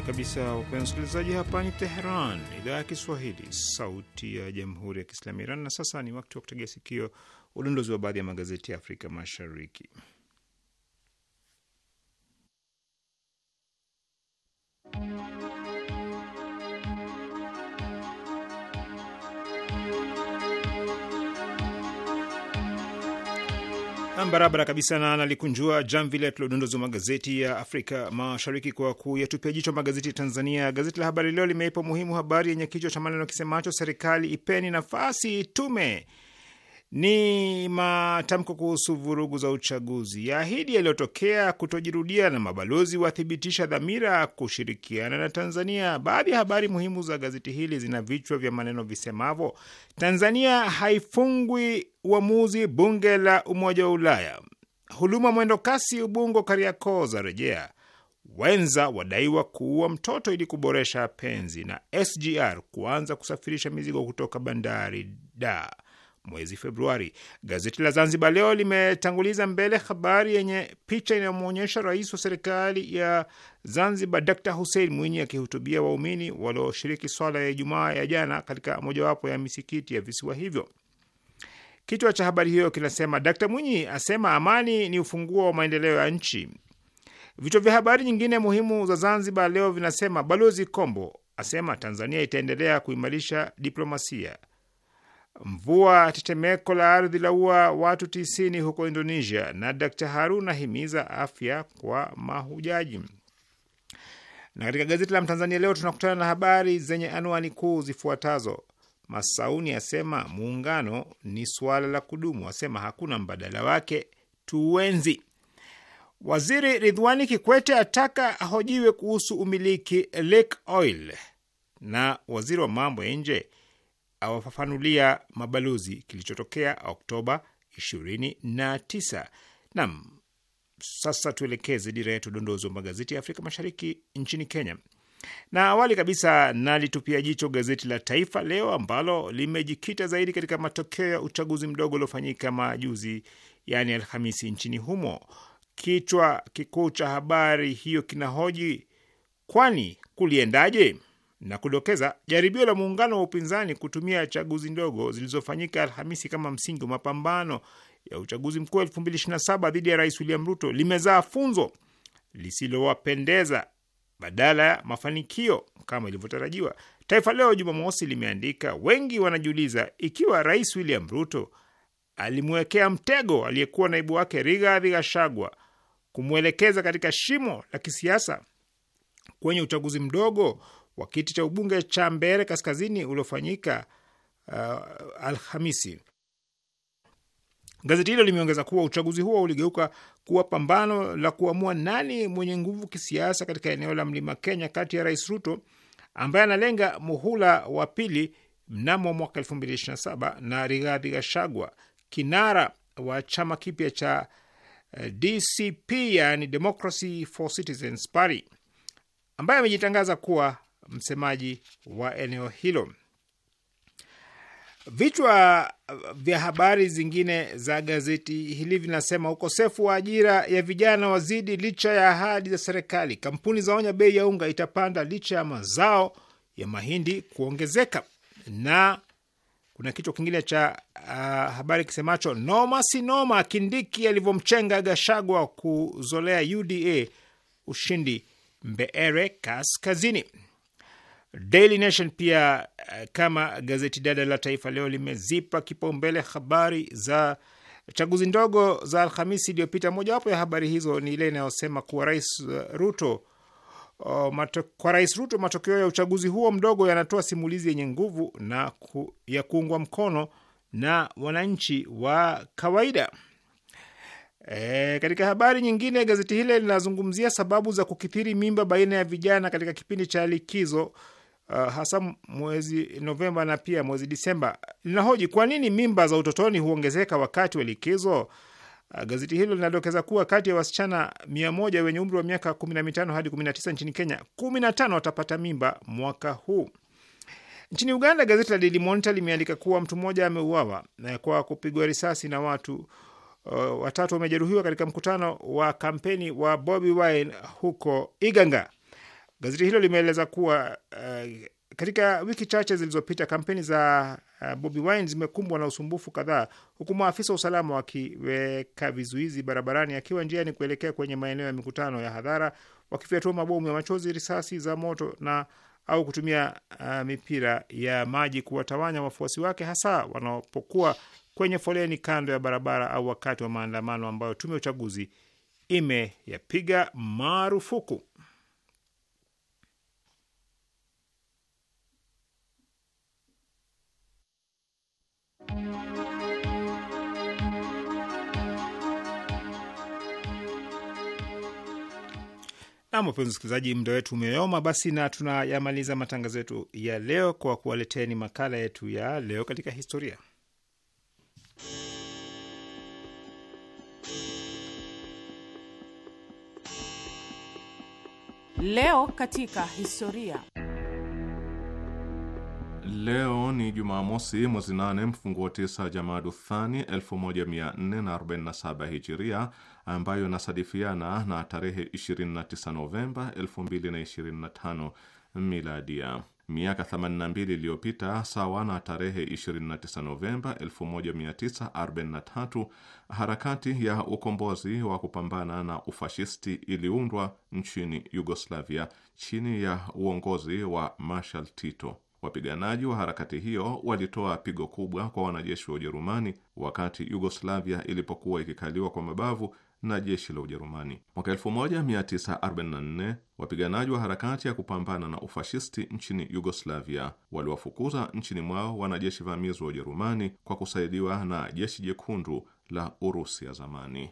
kabisa wapenzi wasikilizaji, hapa ni Teheran, idhaa ya Kiswahili, sauti ya jamhuri ya kiislamu Iran. Na sasa ni wakati wa kutegea sikio udondozi wa baadhi ya magazeti ya Afrika Mashariki. barabara kabisa, na nalikunjua jamvi letu la udondozi wa magazeti ya Afrika Mashariki kwa kuyatupia jicho magazeti ya Tanzania. Gazeti la Habari Leo limeipa umuhimu habari yenye kichwa cha maneno kisemacho serikali ipeni nafasi tume ni matamko kuhusu vurugu za uchaguzi, yaahidi yaliyotokea kutojirudia, na mabalozi wathibitisha dhamira kushirikiana na Tanzania. Baadhi ya habari muhimu za gazeti hili zina vichwa vya maneno visemavyo: Tanzania haifungwi uamuzi bunge la Umoja wa Ulaya, huluma mwendo kasi Ubungo Kariakoo za rejea, wenza wadaiwa kuua mtoto ili kuboresha penzi, na SGR kuanza kusafirisha mizigo kutoka bandari da mwezi Februari. Gazeti la Zanzibar Leo limetanguliza mbele habari yenye picha inayomwonyesha rais wa serikali ya Zanzibar d Hussein Mwinyi akihutubia waumini walioshiriki swala ya Ijumaa ya jana katika mojawapo ya misikiti ya visiwa hivyo. Kichwa cha habari hiyo kinasema d Mwinyi asema amani ni ufunguo wa maendeleo ya nchi. Vichwa vya habari nyingine muhimu za Zanzibar Leo vinasema Balozi Kombo asema Tanzania itaendelea kuimarisha diplomasia Mvua tetemeko la ardhi la ua watu tisini huko Indonesia, na Dkt Harun ahimiza afya kwa mahujaji. Na katika gazeti la Mtanzania leo tunakutana na habari zenye anwani kuu zifuatazo: Masauni asema muungano ni suala la kudumu, asema hakuna mbadala wake, tuwenzi. Waziri Ridhwani Kikwete ataka ahojiwe kuhusu umiliki Lake Oil, na waziri wa mambo ya nje awafafanulia mabalozi kilichotokea Oktoba 29. Nam, sasa tuelekeze dira yetu dondozi wa magazeti ya Afrika Mashariki nchini Kenya, na awali kabisa nalitupia jicho gazeti la Taifa Leo ambalo limejikita zaidi katika matokeo ya uchaguzi mdogo uliofanyika majuzi, yaani Alhamisi, nchini humo. Kichwa kikuu cha habari hiyo kinahoji kwani kuliendaje? na kudokeza jaribio la muungano wa upinzani kutumia chaguzi ndogo zilizofanyika Alhamisi kama msingi wa mapambano ya uchaguzi mkuu wa 2027 dhidi ya Rais William Ruto limezaa funzo lisilowapendeza badala ya mafanikio kama ilivyotarajiwa. Taifa Leo Jumamosi limeandika, wengi wanajiuliza ikiwa Rais William Ruto alimwekea mtego aliyekuwa naibu wake Rigathi Gachagua kumwelekeza katika shimo la kisiasa kwenye uchaguzi mdogo wa kiti cha ubunge cha mbere Kaskazini uliofanyika uh, Alhamisi. Gazeti hilo limeongeza kuwa uchaguzi huo uligeuka kuwa pambano la kuamua nani mwenye nguvu kisiasa katika eneo la mlima Kenya, kati ya Rais Ruto ambaye analenga muhula wa pili mnamo mwaka 2027 na Rigathi Gachagua, kinara wa chama kipya cha eh, DCP, yani Democracy for Citizens Party, ambaye amejitangaza kuwa msemaji wa eneo hilo. Vichwa vya habari zingine za gazeti hili vinasema: ukosefu wa ajira ya vijana wazidi licha ya ahadi za serikali, kampuni zaonya bei ya unga itapanda licha ya mazao ya mahindi kuongezeka, na kuna kichwa kingine cha uh, habari kisemacho noma si noma, Kindiki alivyomchenga Gashagwa kuzolea UDA ushindi Mbeere Kaskazini. Daily Nation pia eh, kama gazeti dada la Taifa Leo limezipa kipaumbele habari za chaguzi ndogo za Alhamisi iliyopita. Mojawapo ya habari hizo ni ile inayosema kuwa Rais eh, Ruto O, oh, mato, kwa Rais Ruto matokeo ya uchaguzi huo mdogo yanatoa simulizi yenye nguvu na ku, ya kuungwa mkono na wananchi wa kawaida. E, katika habari nyingine gazeti hile linazungumzia sababu za kukithiri mimba baina ya vijana katika kipindi cha likizo uh, hasa mwezi Novemba na pia mwezi Disemba, linahoji kwa nini mimba za utotoni huongezeka wakati wa likizo. Uh, Gazeti hilo linadokeza kuwa kati ya wasichana mia moja wenye umri wa miaka 15 hadi 19 nchini Kenya, 15 watapata mimba mwaka huu. Nchini Uganda, gazeti la Daily Monitor limeandika kuwa mtu mmoja ameuawa uh, kwa kupigwa risasi na watu uh, watatu wamejeruhiwa katika mkutano wa kampeni wa Bobi Wine huko Iganga. Gazeti hilo limeeleza kuwa uh, katika wiki chache zilizopita kampeni za uh, Bobi Wine zimekumbwa na usumbufu kadhaa, huku maafisa wa usalama wakiweka vizuizi barabarani akiwa njiani kuelekea kwenye maeneo ya mikutano ya hadhara, wakifyatua mabomu ya machozi, risasi za moto na au kutumia uh, mipira ya maji kuwatawanya wafuasi wake, hasa wanapokuwa kwenye foleni kando ya barabara au wakati wa maandamano ambayo tume ya uchaguzi imeyapiga marufuku. Nam, wapenzi msikilizaji, muda wetu umeoma basi, na tunayamaliza matangazo yetu ya leo kwa kuwaleteni makala yetu ya leo katika historia. Leo katika historia. Leo ni Jumamosi, mwezi nane mfunguo tisa Jamadu Thani 1447 Hijiria, ambayo inasadifiana na tarehe 29 Novemba 2025 Miladia. Miaka 82 iliyopita, sawa na tarehe 29 Novemba 1943, harakati ya ukombozi wa kupambana na ufashisti iliundwa nchini Yugoslavia chini ya uongozi wa Marshal Tito. Wapiganaji wa harakati hiyo walitoa pigo kubwa kwa wanajeshi wa Ujerumani wakati Yugoslavia ilipokuwa ikikaliwa kwa mabavu na jeshi la Ujerumani. Mwaka 1944 wapiganaji wa harakati ya kupambana na ufashisti nchini Yugoslavia waliwafukuza nchini mwao wanajeshi vamizi wa Ujerumani kwa kusaidiwa na jeshi jekundu la Urusi ya zamani.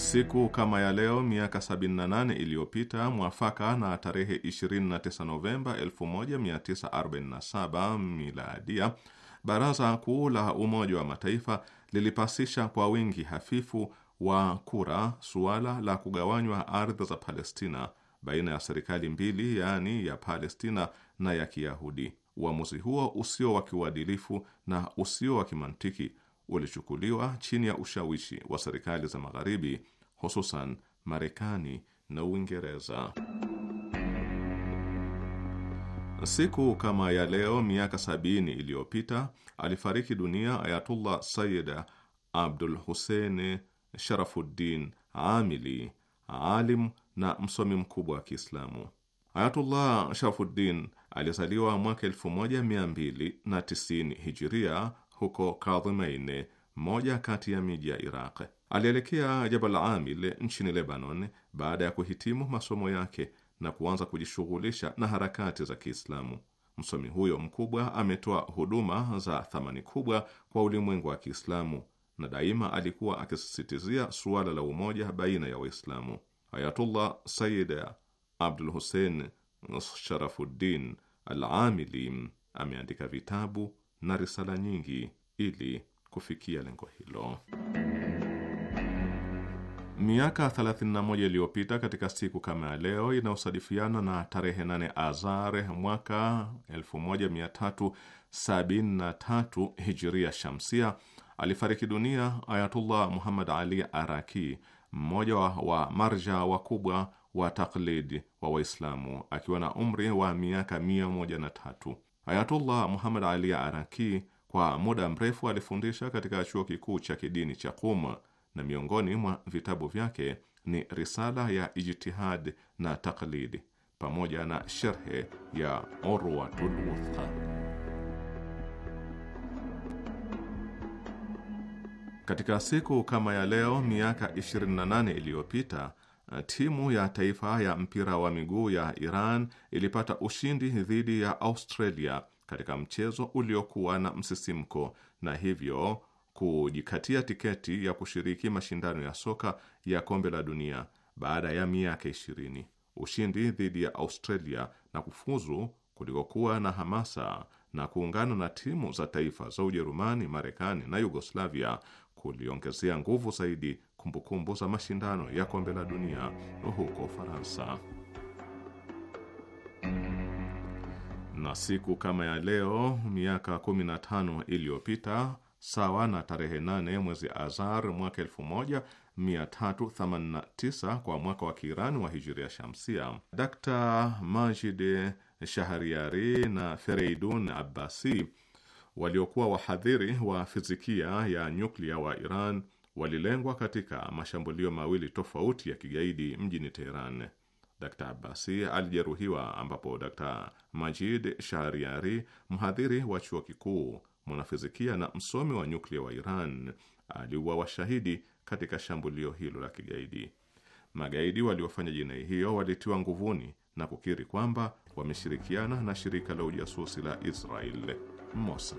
siku kama ya leo miaka 78 iliyopita mwafaka na tarehe 29 Novemba 1947 miladia, Baraza Kuu la Umoja wa Mataifa lilipasisha kwa wingi hafifu wa kura suala la kugawanywa ardhi za Palestina baina ya serikali mbili, yaani ya Palestina na ya Kiyahudi. Uamuzi huo usio wa kiuadilifu na usio wa kimantiki ulichukuliwa chini ya ushawishi wa serikali za Magharibi, hususan Marekani na Uingereza. Siku kama ya leo miaka sabini iliyopita alifariki dunia Ayatullah Sayyid Abdul Hussein Sharafuddin Amili, alim na msomi mkubwa wa Kiislamu. Ayatullah Sharafuddin alizaliwa mwaka 1290 Hijiria huko Kadhimain, moja kati ya miji ya Iraq. Alielekea Jabal Amil nchini Lebanon baada ya kuhitimu masomo yake na kuanza kujishughulisha na harakati za Kiislamu. Msomi huyo mkubwa ametoa huduma za thamani kubwa kwa ulimwengu wa Kiislamu na daima alikuwa akisisitizia suala la umoja baina ya Waislamu. Ayatullah Sayyid Abdul Hussein Sharafuddin Al-Amili ameandika vitabu na risala nyingi ili kufikia lengo hilo. Miaka 31 iliyopita katika siku kama ya leo inayosadifiana na tarehe 8 Azar mwaka 1373 Hijiria Shamsia, alifariki dunia Ayatullah Muhammad Ali Araki, mmoja wa, wa marja wakubwa wa taklidi wa Waislamu akiwa na umri wa miaka 103. Ayatullah Muhammad Ali Araki kwa muda mrefu alifundisha katika chuo kikuu cha kidini cha Qum na miongoni mwa vitabu vyake ni risala ya Ijtihad na Taklidi pamoja na sherhe ya Urwatul Wuthqa. Katika siku kama ya leo miaka 28 iliyopita timu ya taifa ya mpira wa miguu ya Iran ilipata ushindi dhidi ya Australia katika mchezo uliokuwa na msisimko na hivyo kujikatia tiketi ya kushiriki mashindano ya soka ya kombe la dunia baada ya miaka ishirini. Ushindi dhidi ya Australia na kufuzu kulikokuwa na hamasa na kuungana na timu za taifa za Ujerumani, Marekani na Yugoslavia kuliongezea nguvu zaidi kumbukumbu za mashindano ya kombe la dunia huko Ufaransa. Na siku kama ya leo miaka 15 iliyopita sawa na tarehe nane mwezi Azar mwaka 1389 kwa mwaka wa Kiirani wa hijiria shamsia, Dr. Majid Shahriari na Fereidun Abbasi waliokuwa wahadhiri wa fizikia ya nyuklia wa Iran walilengwa katika mashambulio mawili tofauti ya kigaidi mjini Teheran. Dr Abasi alijeruhiwa, ambapo Dr Majid Shahriari, mhadhiri wa chuo kikuu, mwanafizikia na msomi wa nyuklia wa Iran, aliuawa shahidi katika shambulio hilo la kigaidi. Magaidi waliofanya jinai hiyo walitiwa nguvuni na kukiri kwamba wameshirikiana na shirika la ujasusi la Israel, Mossad.